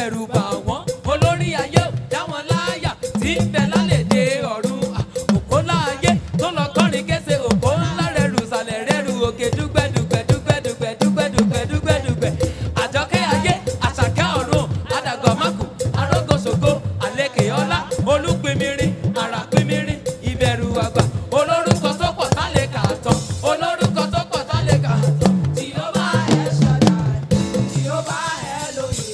ṣẹ̀rù bà wọ́n olórí ayé dáwọn láyà tí ń bẹ lálẹ́.